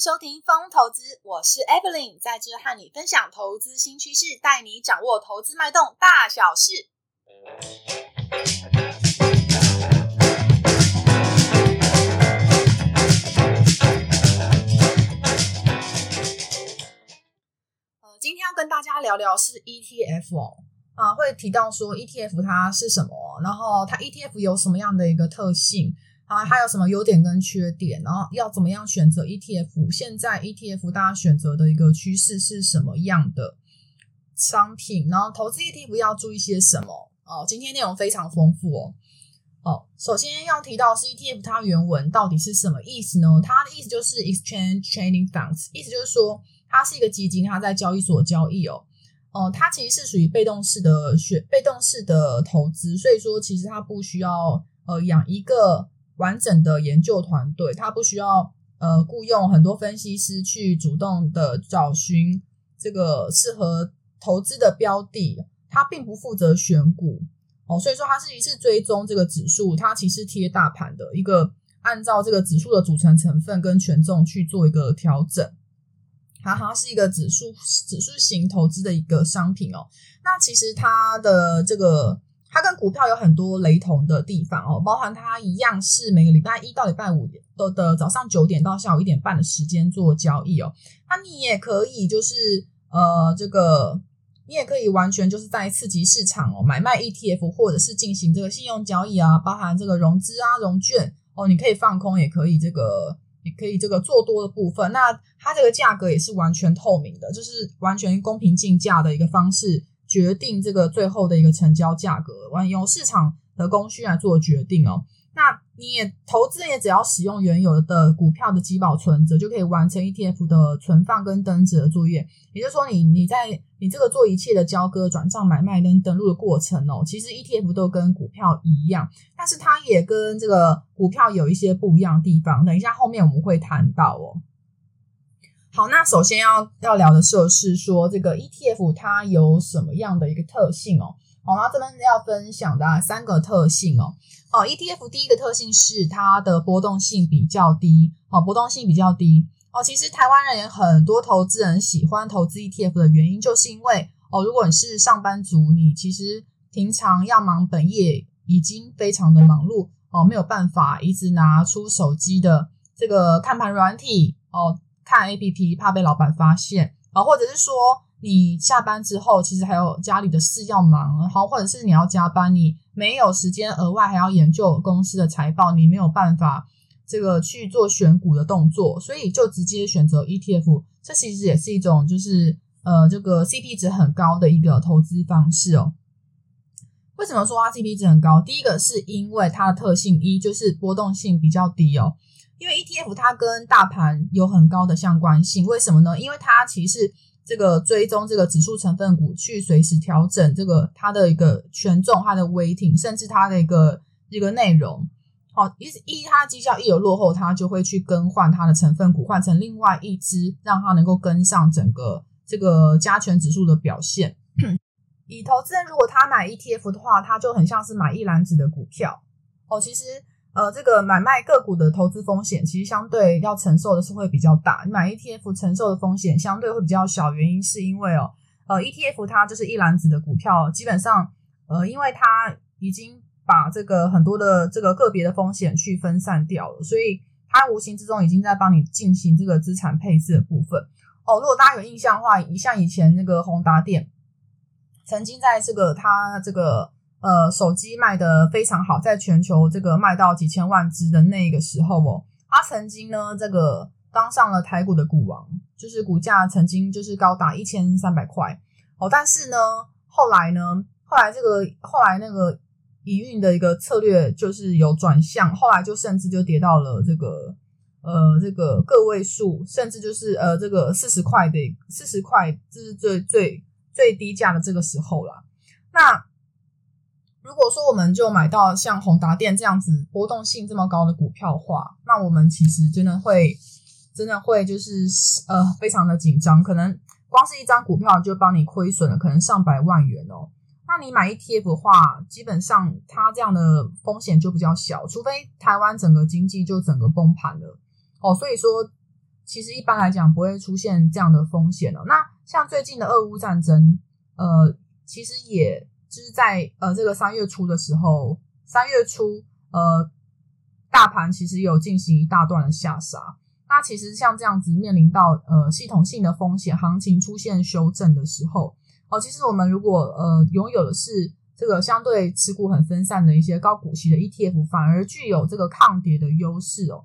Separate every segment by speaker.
Speaker 1: 收聽風投資，我是 Evelyn，在這和你分享投資新趨勢，帶你掌握投資脈動大小事。嗯，今天要跟大家聊聊是 ETF 哦，啊，嗯，會提到說 ETF 它是什麼，然後它 ETF 有什麼樣的一個特性？好，還有什麼優點跟缺點？然後要怎麼樣選擇 ETF？現在 ETF 大家選擇的一個趨勢是什麼樣的商品？然後投資 ETF 要注意些什麼？哦，今天內容非常豐富哦。哦，首先要提到是 ETF，它原文到底是什麼意思呢？它的意思就是 Exchange Trading Funds，意思就是說它是一個基金，它在交易所交易哦。哦，它其實是屬於被動式的選，被動式的投資，所以說其實它不需要呃養一個完整的研究團隊，它不需要呃雇傭很多分析師去主動的找尋這個適合投資的標的，它並不負責選股哦，所以說它是一次追蹤這個指數，它其實貼大盤的一個按照這個指數的組成成分跟權重去做一個調整，它好像是一個指數指數型投資的一個商品哦，那其實它的這個。它跟股票有很多雷同的地方哦，包含它一樣是每個禮拜一到禮拜五的的早上九點到下午一點半的時間做交易哦。那你也可以就是呃，這個你也可以完全就是在次級市場哦買賣 ETF 或者是進行這個信用交易啊，包含這個融資啊融券，哦，你可以放空也可以這個也可以這個做多的部分。那它這個價格也是完全透明的，就是完全公平競價的一個方式。決定這個最後的一個成交價格，完全由市場的供需來做決定哦。那你也投資也只要使用原有的股票的集保存摺就可以完成 ETF 的存放跟登摺的作業。也就是說你，你你在你這個做一切的交割、轉賬、買賣、跟登錄的過程哦，其實 ETF 都跟股票一樣，但是它也跟這個股票有一些不一樣的地方。等一下後面我們會談到哦。好，那首先要要聊的就是說這個 ETF 它有什麼樣的一個特性哦？好，那這邊要分享的、啊、三個特性哦。好、哦、，ETF 第一個特性是它的波動性比較低，好、哦，波動性比較低哦。其實台灣人也很多投資人喜歡投資 ETF 的原因，就是因為哦，如果你是上班族，你其實平常要忙本業已經非常的忙碌哦，沒有辦法一直拿出手機的這個看盤軟體哦。看 A P P 怕被老闆發現，啊、哦、或者是說你下班之後，其實還有家裡的事要忙，好，或者是你要加班，你沒有時間額外還要研究公司的財報，你沒有辦法這個去做選股的動作，所以就直接選擇 E T F。這其實也是一種就是呃這個 C P 值很高的一個投資方式哦。為什麼說它 C P 值很高？第一個是因為它的特性一就是波動性比較低哦。因為 ETF 它跟大盤有很高的相關性，為什麼呢？因為它其實這個追蹤這個指數成分股，去隨時調整這個它的一個權重、它的 weighting，甚至它的一個一個內容。好、哦，一它的績效一有落後，它就會去更換它的成分股，換成另外一支，讓它能夠跟上整個這個加權指數的表現。哼以投資人如果他買 ETF 的話，他就很像是買一籃子的股票。哦，其實。呃，這個買賣個股的投資風險，其實相對要承受的是會比較大。你買 ETF 承受的風險相對會比較小，原因是因為哦，呃，ETF 它就是一籃子的股票，基本上，呃，因為它已經把這個很多的這個個別的風險去分散掉了，所以它無形之中已經在幫你進行這個資產配置的部分。哦，如果大家有印象的話，你像以前那個宏達電，曾經在這個它這個。呃，手機賣得非常好，在全球這個賣到幾千萬隻的那個時候哦，他、啊、曾經呢，這個當上了台股的股王，就是股價曾經就是高達一千三百塊哦。但是呢，後來呢，後來這個後來那個營運的一個策略就是有轉向，後來就甚至就跌到了這個呃這個個位數，甚至就是呃這個四十塊的四十塊，這是最最最低價的這個時候了，那。如果說我們就買到像宏達電這樣子波動性這麼高的股票話，那我們其實真的會，真的會就是呃非常的緊張，可能光是一張股票就幫你虧損了可能上百萬元哦。那你買 ETF 的話，基本上它這樣的風險就比較小，除非台灣整個經濟就整個崩盤了哦。所以說，其實一般來講不會出現這樣的風險了哦。那像最近的俄烏戰爭，呃，其實也。就是在呃這個三月初的時候，三月初呃大盤其實有進行一大段的下殺。那其實像這樣子面臨到呃系統性的風險，行情出現修正的時候，哦、呃，其實我們如果呃擁有的是這個相對持股很分散的一些高股息的 ETF，反而具有這個抗跌的優勢哦。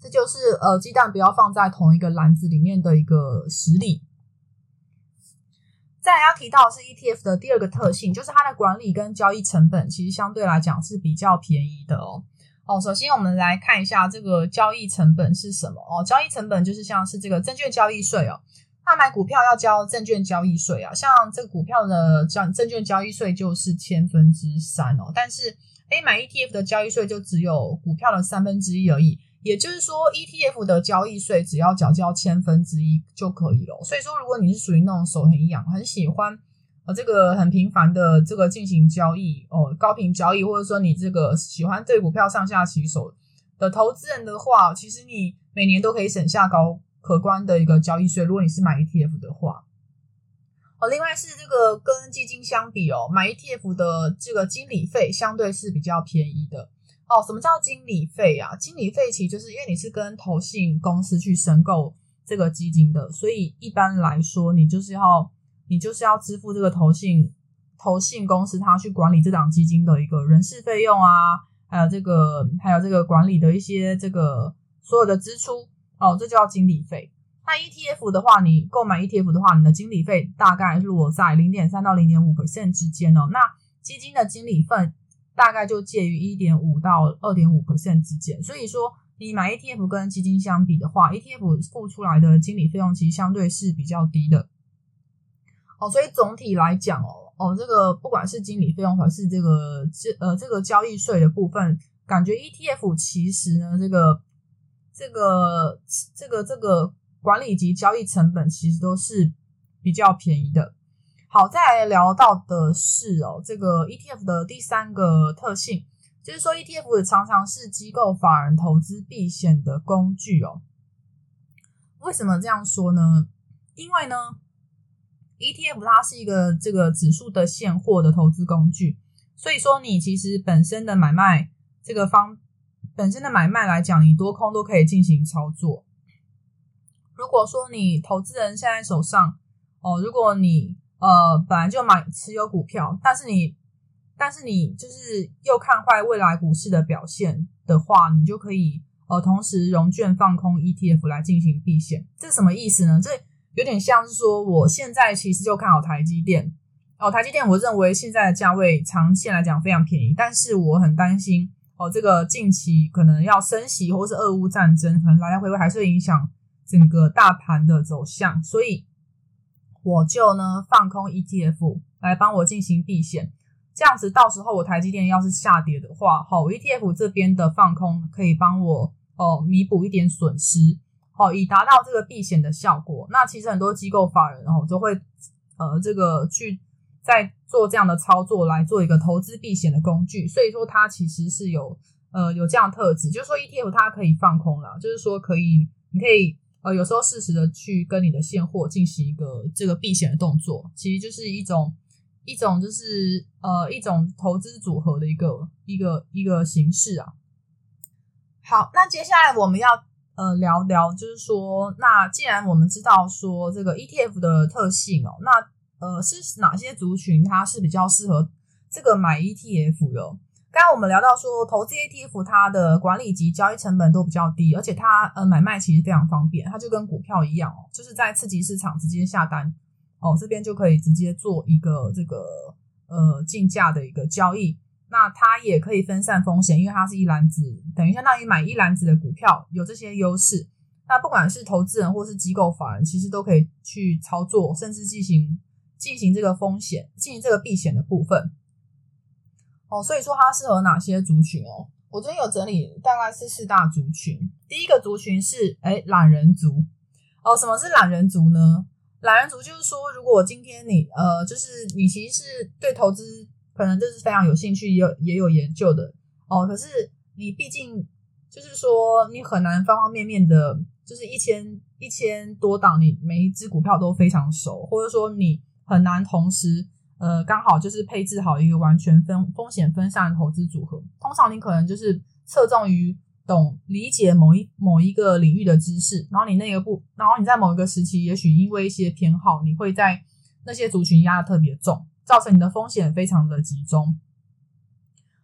Speaker 1: 這就是呃雞蛋不要放在同一個籃子裡面的一個實例。現在要提到的是 ETF 的第二個特性，就是它的管理跟交易成本其實相對來講是比較便宜的哦。哦，首先我們來看一下這個交易成本是什麼哦。交易成本就是像是這個證券交易稅哦，他買股票要交證券交易稅啊，像這個股票的交證券交易稅就是千分之三哦，但是 A、欸、買 ETF 的交易稅就只有股票的三分之一而已。也就是說，ETF 的交易稅只要繳交千分之一就可以了。所以說，如果你是屬於那種手很癢、很喜歡呃這個很頻繁的這個進行交易哦，高頻交易，或者說你這個喜歡對股票上下其手的投資人的話，其實你每年都可以省下高可觀的一個交易稅。如果你是買 ETF 的話，哦，另外是這個跟基金相比哦，買 ETF 的這個經理費相對是比較便宜的。哦，什麼叫經理費啊？經理費其實就是因為你是跟投信公司去申購這個基金的，所以一般來說，你就是要你就是要支付這個投信投信公司它去管理這檔基金的一個人事費用啊，還有這個還有這個管理的一些這個所有的支出，哦，這叫經理費。那 ETF 的話，你購買 ETF 的話，你的經理費大概落在零點三到零點五 percent 之間哦。那基金的經理費。大概就介於一點五到二點五 percent 之間，所以說你買 ETF 跟基金相比的話，ETF 付出來的經理費用其實相對是比較低的。哦，所以總體來講哦，哦，這個不管是經理費用還是這個這呃這個交易稅的部分，感覺 ETF 其實呢這個,這個這個這個這個管理及交易成本其實都是比較便宜的。好，再來聊到的是哦，這個 ETF 的第三個特性，就是說 ETF 也常常是機構、法人投資避險的工具哦。為什麼這樣說呢？因為呢，ETF 它是一個這個指數的現貨的投資工具，所以說你其實本身的買賣這個方，本身的買賣來講，你多空都可以進行操作。如果說你投資人現在手上哦，如果你呃，本來就買持有股票，但是你，但是你就是又看壞未來股市的表現的話，你就可以呃同時融券放空 ETF 來進行避險。這是什麼意思呢？這有點像是說，我現在其實就看好台積電哦、呃，台積電我認為現在的價位，長線來講非常便宜，但是我很擔心哦、呃，這個近期可能要升息或是俄烏戰爭，可能來來回回還是會影響整個大盤的走向，所以。我就呢放空 ETF 來幫我進行避險，這樣子到時候我台積電要是下跌的話，齁，ETF 這邊的放空可以幫我哦彌補一點損失，哦，以達到這個避險的效果。那其實很多機構法人哦都會呃這個去在做這樣的操作，來做一個投資避險的工具。所以說它其實是有呃有這樣的特質，就是說 ETF 它可以放空啦，就是說可以你可以。呃，有時候適時的去跟你的現貨進行一個這個避險的動作，其實就是一種一種就是呃一種投資組合的一個一個一個形式啊。好，那接下來我們要呃聊聊，就是說，那既然我們知道說這個 ETF 的特性哦，那呃是哪些族群它是比較適合這個買 ETF 的？剛剛我們聊到說，投資 ETF 它的管理及交易成本都比較低，而且它呃買賣其實非常方便，它就跟股票一樣哦，就是在次級市場直接下單哦，這邊就可以直接做一個這個呃競價的一個交易。那它也可以分散風險，因為它是一籃子，等於相當於買一籃子的股票，有這些優勢。那不管是投資人或是機構法人，其實都可以去操作，甚至進行進行這個風險、進行這個避險的部分。哦，所以說它適合哪些族群哦？我昨天有整理，大概是四大族群。第一個族群是，誒，懶人族。哦，什麼是懶人族呢？懶人族就是說，如果今天你呃，就是你其實是對投資可能就是非常有興趣，也有也有研究的哦。可是你畢竟就是說，你很難方方面面的，就是一千一千多檔，你每一支股票都非常熟，或者說你很難同時。呃，剛好就是配置好一個完全分風險分散的投資組合。通常你可能就是側重於懂理解某一某一個領域的知識，然後你那個不，然後你在某一個時期，也許因為一些偏好，你會在那些族群壓得特別重，造成你的風險非常的集中。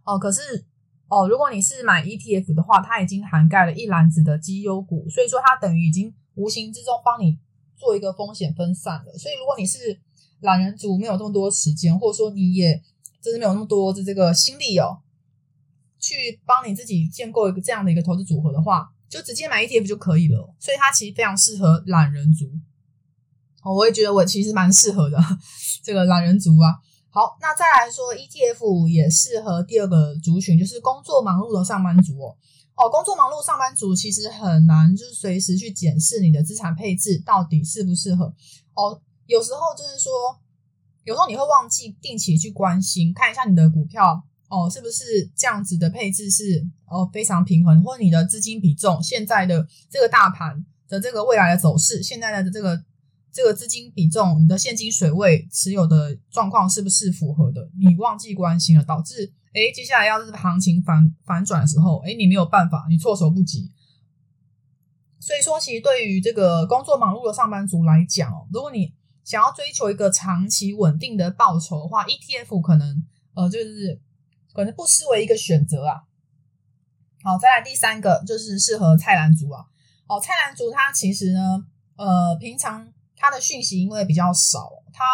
Speaker 1: 哦，可是哦，如果你是買 ETF 的話，它已經涵蓋了一籃子的績優股，所以說它等於已經無形之中幫你做一個風險分散了。所以如果你是。懶人族沒有那麼多時間，或者說你也真的沒有那麼多的這個心力哦，去幫你自己建構一個這樣的一個投資組合的話，就直接買 ETF 就可以了。所以它其實非常適合懶人族。哦，我也覺得我其實蠻適合的這個懶人族啊。好，那再來說 ETF 也適合第二個族群，就是工作忙碌的上班族哦。哦，工作忙碌上班族其實很難就是隨時去檢視你的資產配置到底適不適合哦。有時候就是說，有時候你會忘記定期去關心看一下你的股票哦，是不是這樣子的配置是哦非常平衡，或者你的資金比重現在的這個大盤的這個未來的走勢，現在的這個這個資金比重，你的現金水位持有的狀況是不是符合的？你忘記關心了，導致哎接下來要是行情反反轉的時候，哎你沒有辦法，你措手不及。所以說，其實對於這個工作忙碌的上班族來講，如果你想要追求一個長期穩定的報酬的話，ETF 可能呃就是可能不失為一個選擇啊。好，再來第三個就是適合菜籃族啊。哦，菜籃族他其實呢，呃，平常他的訊息因為比較少、啊，他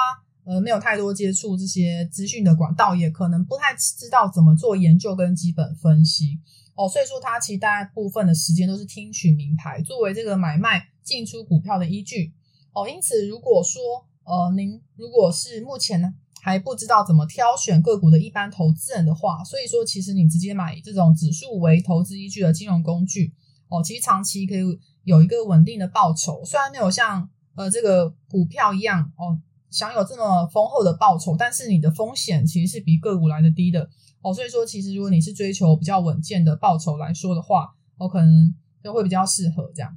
Speaker 1: 呃沒有太多接觸這些資訊的管道，也可能不太知道怎麼做研究跟基本分析哦，所以說他其實大部分的時間都是聽取名牌作為這個買賣進出股票的依據。哦，因此如果說呃，您如果是目前呢還不知道怎麼挑選個股的一般投資人的話，所以說其實你直接買這種指數為投資依據的金融工具哦，其實長期可以有一個穩定的報酬，雖然沒有像呃這個股票一樣哦享有這麼豐厚的報酬，但是你的風險其實是比個股來得低的哦，所以說其實如果你是追求比較穩健的報酬來說的話，哦，可能就會比較適合這樣。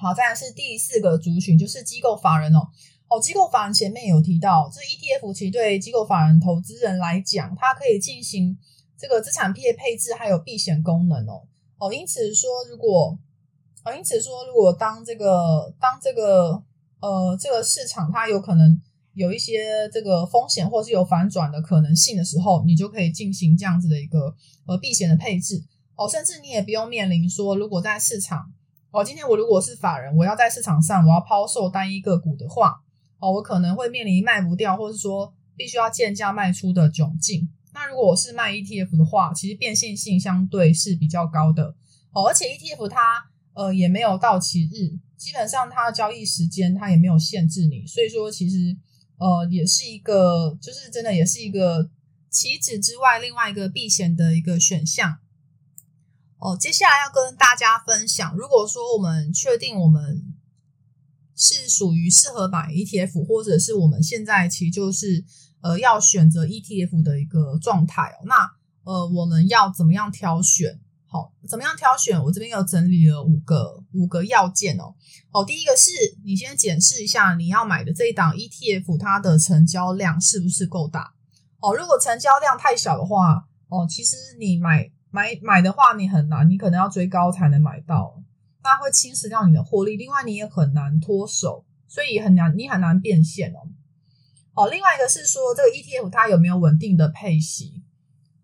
Speaker 1: 好，再來是第四個族群，就是機構法人哦。好、哦，機構法人前面有提到，這 ETF 其實對機構法人投資人來講，它可以進行這個資產配配置，還有避險功能哦。哦，因此說，如果哦，因此說，如果當這個當這個呃這個市場它有可能有一些這個風險，或是有反轉的可能性的時候，你就可以進行這樣子的一個呃避險的配置哦，甚至你也不用面臨說如果在市場。哦，今天我如果是法人，我要在市場上我要拋售單一個股的話，哦，我可能會面臨賣不掉，或是說必須要賤價賣出的窘境。那如果我是賣 ETF 的話，其實變現性，性相對是比較高的。哦，而且 ETF 它呃也沒有到期日，基本上它的交易時間它也沒有限制你，所以說其實呃也是一個，就是真的也是一個期指之外另外一個避險的一個選項。哦，接下來要跟大家分享，如果說我們確定我們是屬於適合買 ETF，或者是我們現在其實就是呃要選擇 ETF 的一個狀態、哦，那呃我們要怎麼樣挑選？好、哦，怎麼樣挑選？我這邊又整理了五個五個要件哦。哦，第一個是你先檢視一下你要買的這一檔 ETF，它的成交量是不是夠大？哦，如果成交量太小的話，哦，其實你買，買買的話，你很難，你可能要追高才能買到，那會侵蝕掉你的獲利。另外，你也很難脫手，所以很難，你很難變現哦。哦，另外一個是說，這個 ETF 它有沒有穩定的配息？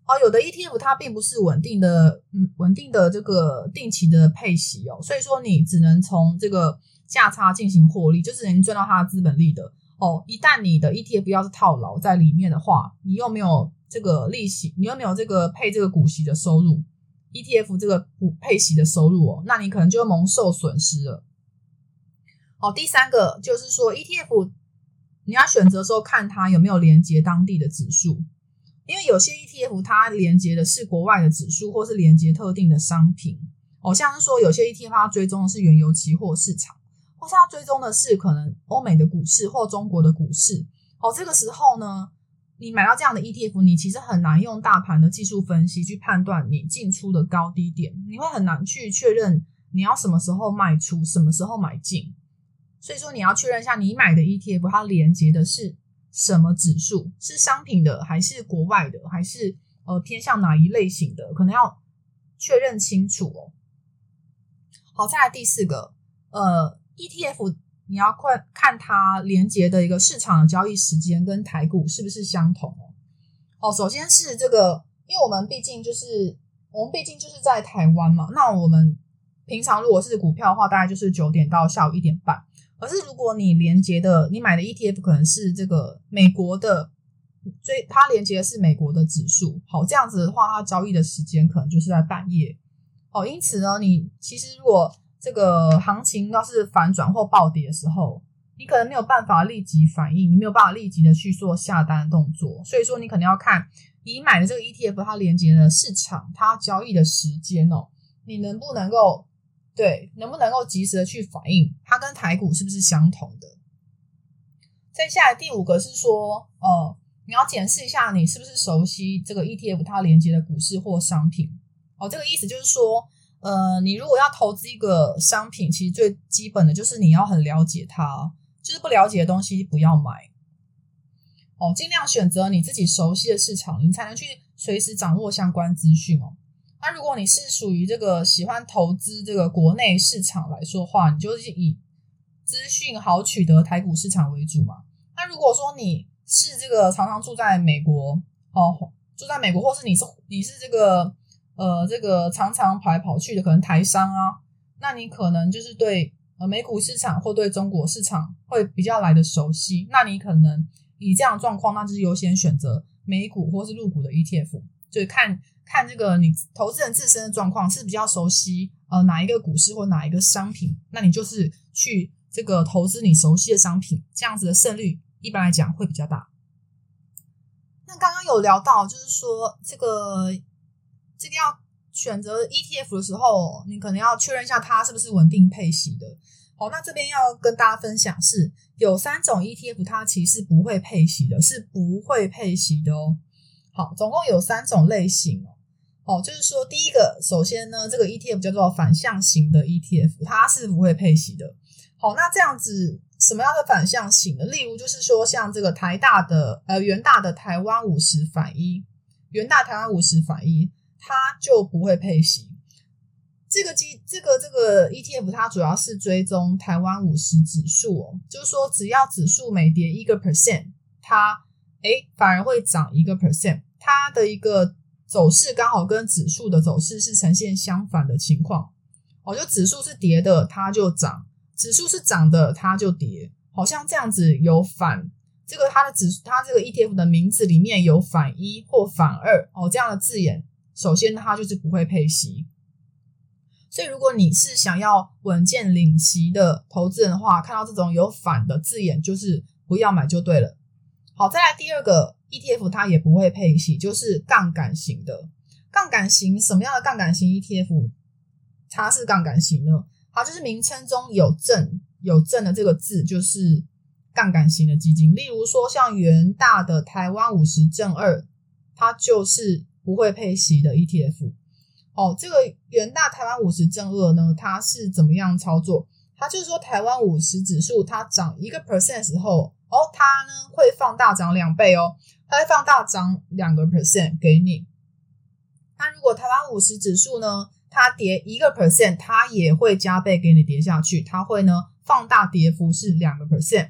Speaker 1: 哦，有的 ETF 它並不是穩定的，嗯，穩定的這個定期的配息哦。所以說，你只能從這個價差進行獲利，就是能賺到它的資本利得哦。一旦你的 ETF 要是套牢在裡面的話，你又沒有。這個利息，你有沒有這個配這個股息的收入？ETF 這個股配息的收入哦，那你可能就會蒙受損失了。好，第三個就是說，ETF 你要選擇的時候，看它有沒有連接當地的指數，因為有些 ETF 它連接的是國外的指數，或是連接特定的商品哦，像是說有些 ETF 它追蹤的是原油期貨市場，或是它追蹤的是可能歐美的股市或中國的股市哦，這個時候呢。你買到這樣的 ETF，你其實很難用大盤的技術分析去判斷你進出的高低點，你會很難去確認你要什麼時候賣出，什麼時候買進。所以說你要確認一下你買的 ETF 它連接的是什麼指數，是商品的還是國外的，還是呃偏向哪一類型的，可能要確認清楚哦。好，再來第四個，呃，ETF。你要看看它連接的一個市場的交易時間跟台股是不是相同哦。哦，首先是這個，因為我們畢竟就是我們畢竟就是在台灣嘛。那我們平常如果是股票的話，大概就是九點到下午一點半。可是如果你連接的你買的 ETF 可能是這個美國的，所以它連接的是美國的指數。好，這樣子的話，它交易的時間可能就是在半夜。哦，因此呢，你其實如果這個行情要是反轉或暴跌的時候，你可能沒有辦法立即反應，你沒有辦法立即的去做下單動作，所以說你可能要看你買的這個 ETF 它連接的市場，它交易的時間哦，你能不能夠對，能不能夠及時的去反應，它跟台股是不是相同的？再下來第五個是說，哦、呃，你要檢視一下你是不是熟悉這個 ETF 它連接的股市或商品哦，這個意思就是說。呃，你如果要投資一個商品，其實最基本的就是你要很了解它，就是不了解的東西不要買哦。盡量選擇你自己熟悉的市場，你才能去隨時掌握相關資訊哦。那如果你是屬於這個喜歡投資這個國內市場來說的話，你就是以資訊好取得台股市場為主嘛。那如果說你是這個常常住在美國哦，住在美國，或是你是你是這個。呃，這個常常跑來跑去的，可能台商啊，那你可能就是對呃美股市場或對中國市場會比較來得熟悉。那你可能以這樣的狀況，那就是優先選擇美股或是入股的 ETF。就看看這個你投資人自身的狀況是比較熟悉呃哪一個股市或哪一個商品，那你就是去這個投資你熟悉的商品，這樣子的勝率一般來講會比較大。那剛剛有聊到，就是說這個。這邊要選擇 ETF 的時候，你可能要確認一下它是不是穩定配息的。好，那這邊要跟大家分享是，是有三種 ETF，它其實不會配息的，是不會配息的哦。好，總共有三種類型哦。好，就是說第一個，首先呢，這個 ETF 叫做反向型的 ETF，它是不會配息的。好，那這樣子，什麼樣的反向型呢？例如，就是說像這個台大的呃，元大的台灣五十反一，元大台灣五十反一。它就不會配息。這個基，這個這個 E T F，它主要是追蹤台灣五十指數哦。就是說，只要指數每跌一個 percent，它誒反而會漲一個 percent。它的一個走勢剛好跟指數的走勢是呈現相反的情況哦。就指數是跌的，它就漲；指數是漲的，它就跌。好像這樣子有反這個它的指數，它這個 E T F 的名字裡面有“反一”或“反二”哦這樣的字眼。首先，它就是不會配息，所以如果你是想要穩健領息的投資人的話，看到這種有“反”的字眼，就是不要買就對了。好，再來第二個 ETF，它也不會配息，就是槓桿型的。槓桿型什麼樣的槓桿型 ETF，它是槓桿型呢？好，就是名稱中有“正”有“正”的這個字，就是槓桿型的基金。例如說，像元大的台灣五十正二，它就是。不會配息的 ETF 哦，這個元大台灣五十正二呢，它是怎麼樣操作？它就是說台灣五十指數它漲一個 percent 的時候，哦，它呢會放大漲兩倍哦，它會放大漲兩個 percent 給你。那如果台灣五十指數呢，它跌一個 percent，它也會加倍給你跌下去，它會呢放大跌幅是兩個 percent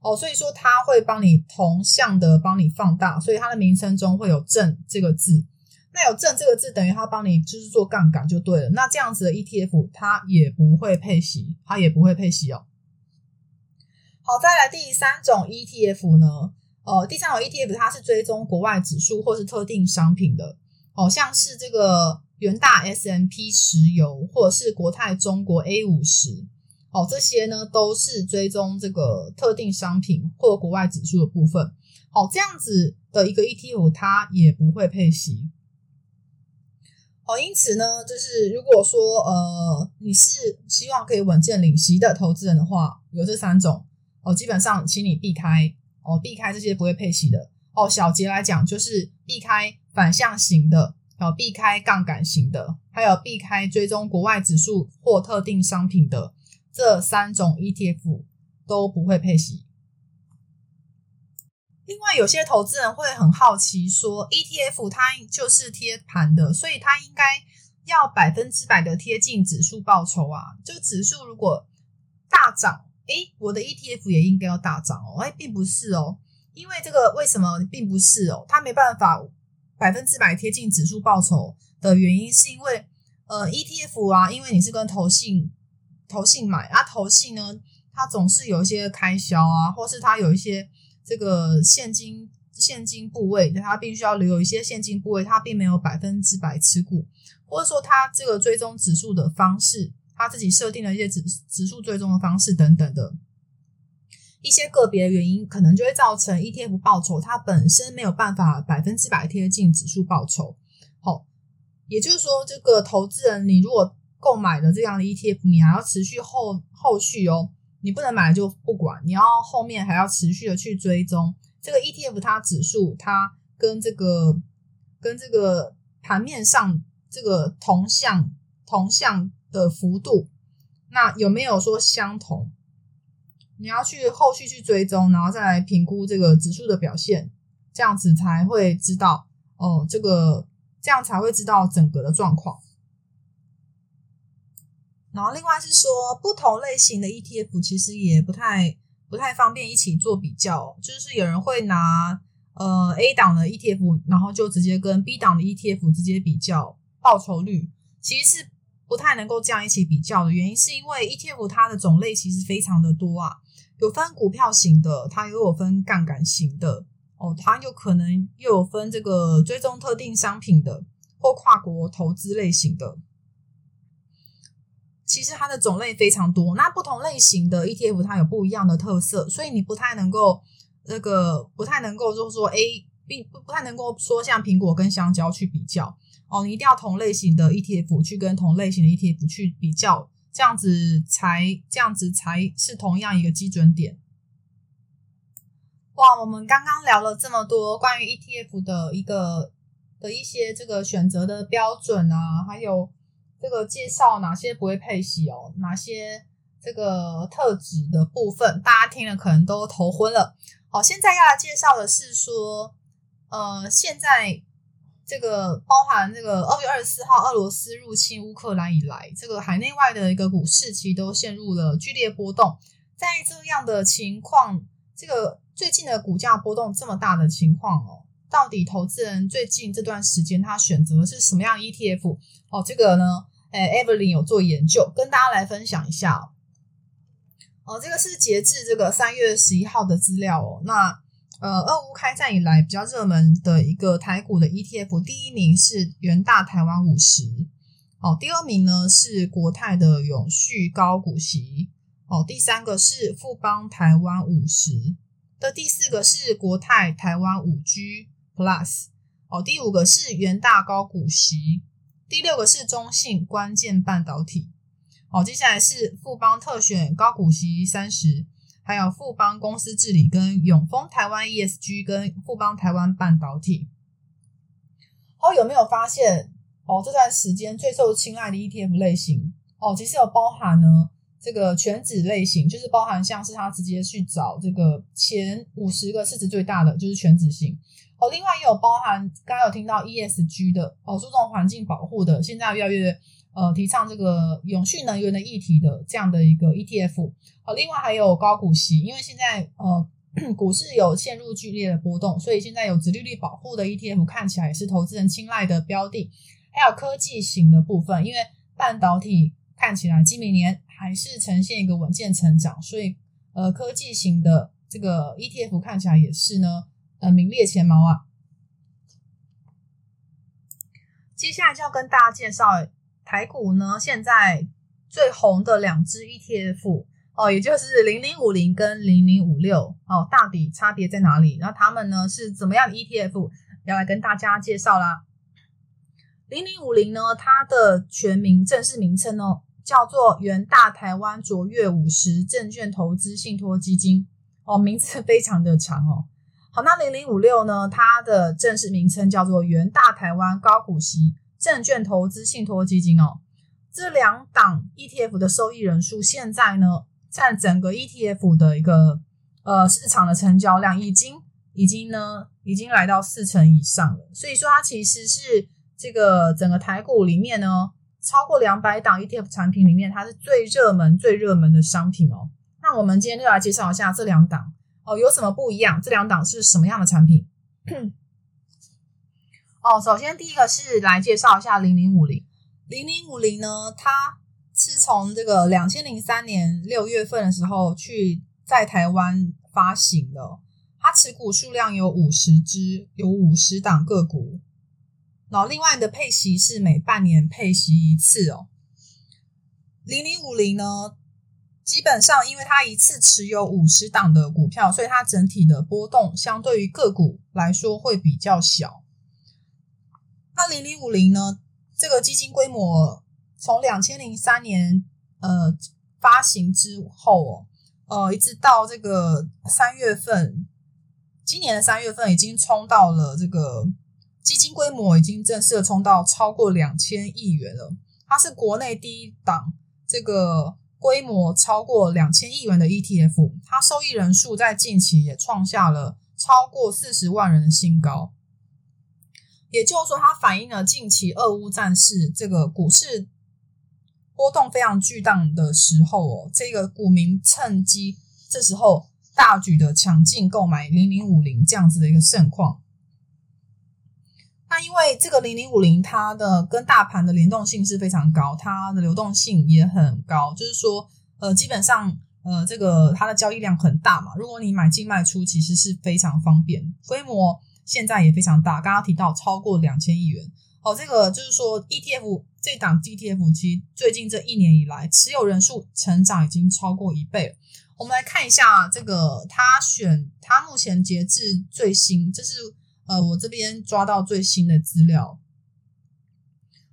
Speaker 1: 哦，所以說它會幫你同向的幫你放大，所以它的名稱中會有正這個字。那有“正”這個字，等於他幫你就是做槓桿就對了。那這樣子的 ETF，它也不會配息，它也不會配息哦。好，再來第三種 ETF 呢？呃，第三種 ETF 它是追蹤國外指數或是特定商品的，好、哦、像是這個元大 S&P 石油，或者是國泰中國 A 五十哦。這些呢都是追蹤這個特定商品或國外指數的部分。好、哦，這樣子的一個 ETF，它也不會配息。哦，因此呢，就是如果說呃，你是希望可以穩健領息的投資人的話，有這三種哦，基本上請你避開哦，避開這些不會配息的哦。小結來講，就是避開反向型的哦，避開槓桿型的，還有避開追蹤國外指數或特定商品的，這三種 ETF 都不會配息。另外，有些投資人會很好奇，說 ETF 它就是貼盤的，所以它應該要百分之百的貼近指數報酬啊。就指數如果大漲，誒、欸、我的 ETF 也應該要大漲哦、喔。誒、欸、並不是哦、喔，因為這個為什麼並不是哦、喔？它沒辦法百分之百貼近指數報酬的原因，是因為呃，ETF 啊，因為你是跟投信投信買啊，投信呢，它總是有一些開銷啊，或是它有一些。這個現金現金部位，它必須要留有一些現金部位，它並沒有百分之百持股，或者說它這個追蹤指數的方式，它自己設定了一些指指數追蹤的方式等等的一些個別原因，可能就會造成 ETF 報酬它本身沒有辦法百分之百貼近指數報酬。好，也就是說，這個投資人你如果購買了這樣的 ETF，你還要持續後後續哦。你不能買就不管，你要後面還要持續的去追蹤這個 ETF，它指數它跟這個跟這個盤面上這個同向同向的幅度，那有沒有說相同？你要去後續去追蹤，然後再來評估這個指數的表現，這樣子才會知道哦，呃，這個這樣才會知道整個的狀況。然後，另外是說，不同類型的 ETF 其實也不太不太方便一起做比較。就是有人會拿呃 A 檔的 ETF，然後就直接跟 B 檔的 ETF 直接比較報酬率，其實是不太能夠這樣一起比較的原因，是因為 ETF 它的種類其實非常的多啊，有分股票型的，它也有分槓桿型的，哦，它有可能又有分這個追蹤特定商品的或跨國投資類型的。其實它的種類非常多，那不同類型的 ETF 它有不一樣的特色，所以你不太能夠那個不太能夠就是說，哎，並不不太能夠說像蘋果跟香蕉去比較哦，你一定要同類型的 ETF 去跟同類型的 ETF 去比較，這樣子才這樣子才是同樣一個基準點。哇，我們剛剛聊了這麼多關於 ETF 的一個的一些這個選擇的標準啊，還有。這個介紹哪些不會配息哦？哪些這個特質的部分，大家聽了可能都頭昏了。好，現在要來介紹的是說，呃，現在這個包含這個二月二十四號俄羅斯入侵烏克蘭以來，這個海內外的一個股市其實都陷入了劇烈波動。在這樣的情況，這個最近的股價波動這麼大的情況哦，到底投資人最近這段時間他選擇的是什麼樣 ETF？哦，這個呢，欸，Evelyn 有做研究，跟大家來分享一下哦。哦，這個是截至這個三月十一號的資料哦。那呃，俄烏開戰以來比較熱門的一個台股的 ETF，第一名是元大台灣五十，哦，第二名呢是國泰的永續高股息，哦，第三個是富邦台灣五十，的第四個是國泰台灣五 G Plus，哦，第五個是元大高股息。第六個是中信關鍵半導體，好，接下來是富邦特選高股息三十，還有富邦公司治理跟永豐台灣 ESG 跟富邦台灣半導體。好，有沒有發現哦？這段時間最受青睞的 ETF 類型哦，其實有包含呢，這個權值類型，就是包含像是他直接去找這個前五十個市值最大的，就是權值型。哦，另外也有包含，剛剛有聽到 ESG 的，哦，注重環境保護的，現在越來越呃，提倡這個永續能源的議題的這樣的一個 ETF。哦，另外還有高股息，因為現在呃股市有陷入劇烈的波動，所以現在有殖利率保護的 ETF 看起來也是投資人青睞的標的。還有科技型的部分，因為半導體看起來今明年還是呈現一個穩健成長，所以呃科技型的這個 ETF 看起來也是呢。呃，名列前茅啊！接下來就要跟大家介紹台股呢，現在最紅的兩隻 ETF 哦，也就是零零五零跟零零五六哦，到底差別在哪裡？那他它們呢是怎麼樣的 ETF 要來跟大家介紹啦。零零五零呢，它的全名正式名稱哦，叫做“元大台灣卓越五十證券投資信託基金”，哦，名字非常的長哦。好，那零零五六呢，它的正式名稱叫做“元大台灣高股息證券投資信托基金”哦。這兩檔 ETF 的受益人數現在呢，占整個 ETF 的一個呃市場的成交量，已經已經呢，已經來到四成以上了。所以說，它其實是這個整個台股裡面呢，超過兩百檔 ETF 產品裡面，它是最熱門、最熱門的商品哦。那我們今天就來介紹一下這兩檔。哦，有什麼不一樣？這兩檔是什麼樣的產品？ 哦，首先第一個是來介紹一下零零五零，零零五零呢，它是從這個兩千零三年六月份的時候去在台灣發行的，它持股數量有五十支，有五十檔個股，然後另外的配息是每半年配息一次哦。零零五零呢？基本上，因為它一次持有五十檔的股票，所以它整體的波動相對於個股來說會比較小。那零零五零呢？這個基金規模從兩千零三年呃發行之後、哦，呃，一直到這個三月份，今年的三月份已經衝到了這個基金規模已經正式地衝到超過兩千億元了。它是國內第一檔這個。規模超過兩千億元的 ETF，它受益人數在近期也創下了超過四十萬人的新高。也就是說，它反映了近期俄烏戰事這個股市波動非常巨大的時候哦，這個股民趁機這時候大舉的搶進購買零零五零這樣子的一個盛況。那因為這個零零五零，它的跟大盤的聯動性是非常高，它的流動性也很高，就是說，呃，基本上，呃，這個它的交易量很大嘛。如果你買進賣出，其實是非常方便，規模現在也非常大。剛剛提到超過兩千億元。好、哦，這個就是說，ETF 這檔 ETF，其實最近這一年以來，持有人數成長已經超過一倍了。我們來看一下這個，它選它目前截至最新，就是。呃，我這邊抓到最新的資料。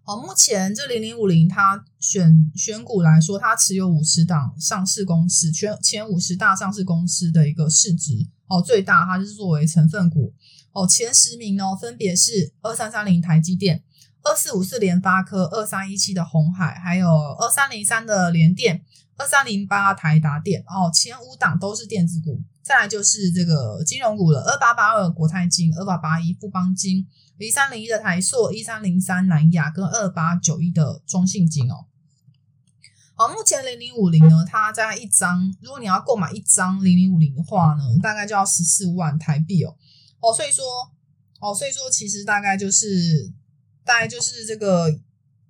Speaker 1: 好，目前這零零五零它選選股來說，它持有五十檔上市公司，全前五十大上市公司的一個市值哦，最大它就是作為成分股哦。前十名呢，分別是二三三零台積電、二四五四聯發科、二三一七的鴻海，還有二三零三的聯電、二三零八台達電哦。前五檔都是電子股。再來就是這個金融股的，二八八二國泰金，二八八一富邦金，一三零一的台塑，一三零三南亞跟二八九一的中信金哦。好，目前零零五零呢，它在一張，如果你要購買一張零零五零的話呢，大概就要十四萬台幣哦。哦，所以說，哦，所以說，其實大概就是，大概就是這個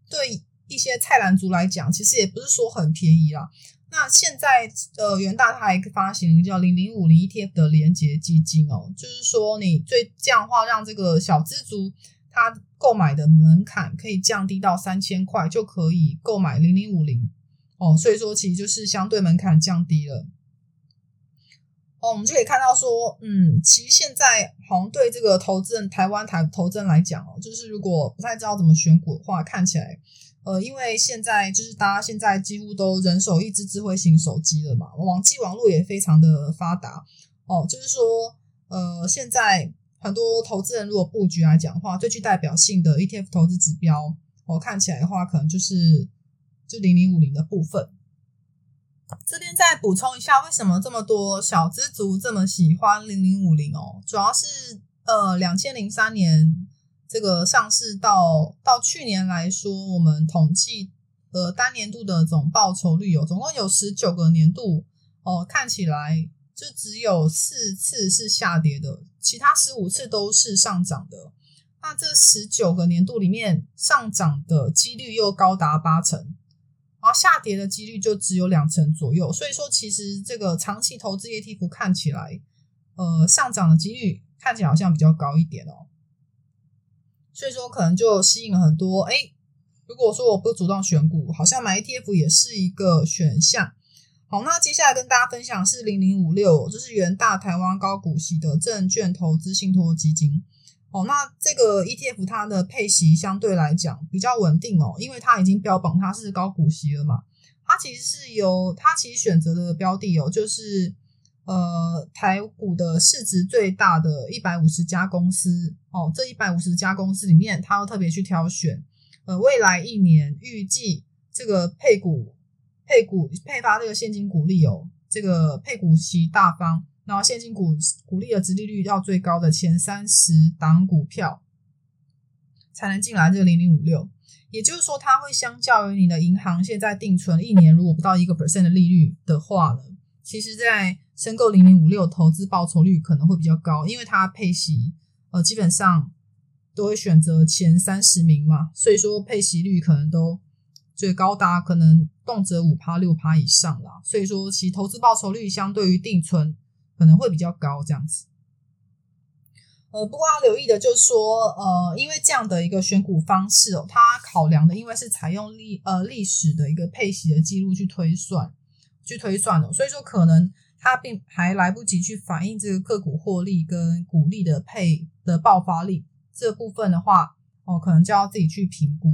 Speaker 1: 對一些菜籃族來講，其實也不是說很便宜啦。那現在呃，元大它還發行一個叫零零五零 ETF 的連結基金哦，就是說你最這樣的話，讓這個小資族他購買的門檻可以降低到三千塊就可以購買零零五零哦，所以說其實就是相對門檻降低了。哦，我們就可以看到說，嗯，其實現在好像對這個投資人台灣台投資人來講哦，就是如果不太知道怎麼選股的話，看起來。呃，因為現在就是大家現在幾乎都人手一支智慧型手機了嘛，網際網絡也非常的發達哦。就是說，呃，現在很多投資人如果布局來講的話，最具代表性的 ETF 投資指標，我、哦、看起來的話，可能就是就零零五零的部分。這邊再補充一下，為什麼這麼多小資族這麼喜歡零零五零哦？主要是呃，兩千零三年。這個上市到到去年來說，我們統計呃單年度的總報酬率有、哦、總共有十九個年度哦、呃，看起來就只有四次是下跌的，其他十五次都是上漲的。那這十九個年度裡面上漲的幾率又高達八成，然後下跌的幾率就只有兩成左右。所以說，其實這個長期投資 ETF 看起來呃上漲的幾率看起來好像比較高一點哦。所以說，可能就吸引了很多。誒，如果說我不主動選股，好像買 ETF 也是一個選項。好，那接下來跟大家分享是零零五六，就是元大台灣高股息的證券投資信託基金。好，那這個 ETF 它的配息相對來講比較穩定哦，因為它已經標榜它是高股息了嘛。它其實是由它其實選擇的標的哦，就是呃台股的市值最大的一百五十家公司。哦，這一百五十家公司裡面，他要特別去挑選，呃，未來一年預計這個配股、配股配發這個現金股利哦，這個配股息大方，然後現金股股利的殖利率要最高的前三十檔股票才能進來這個零零五六。也就是說，它會相較於你的銀行現在定存一年，如果不到一個 percent 的利率的話呢，其實在申購零零五六投資報酬率可能會比較高，因為它配息。呃，基本上都會選擇前三十名嘛，所以說配息率可能都最高達可能動輒五趴、六趴以上啦，所以說其實投資報酬率相對於定存可能會比較高這樣子。呃，不過要留意的就是說，呃，因為這樣的一個選股方式哦，它考量的因為是採用歷呃歷史的一個配息的記錄去推算，去推算的，所以說可能它並還來不及去反映這個個股獲利跟股利的配。的爆發力這部分的話，哦，可能就要自己去評估。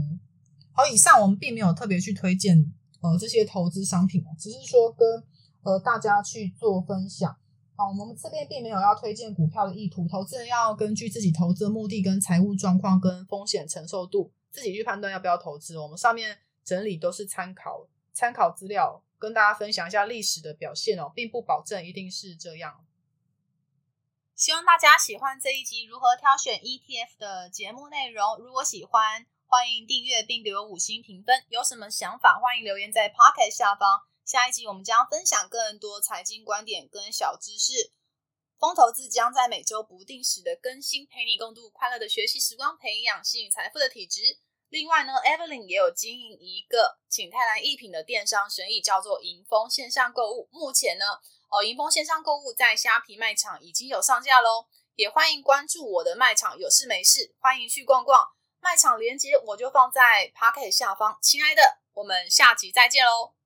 Speaker 1: 好，以上我們並沒有特別去推薦，呃，這些投資商品，只是說跟，呃，大家去做分享。好，我們這邊並沒有要推薦股票的意圖，投資人要根據自己投資的目的、跟財務狀況、跟風險承受度，自己去判斷要不要投資。我們上面整理都是參考參考資料，跟大家分享一下歷史的表現哦，並不保證一定是這樣。希望大家喜歡這一集如何挑選 ETF 的節目內容。如果喜歡，歡迎訂閱並給我五星評分。有什麼想法，歡迎留言在 Podcast 下方。下一集我們將分享更多財經觀點跟小知識。風投資將在每周不定時的更新，陪你共度快樂的學習時光培養，培養吸引財富的體質。另外呢，Evelyn 也有經營一個景泰藍藝品的電商生意，叫做瑩豐線上購物。目前呢。哦，瑩豐線上購物在蝦皮賣場已經有上架嘍，也歡迎關注我的賣場，有事沒事歡迎去逛逛。賣場鏈接我就放在 Pocket 下方。親愛的，我們下集再見嘍！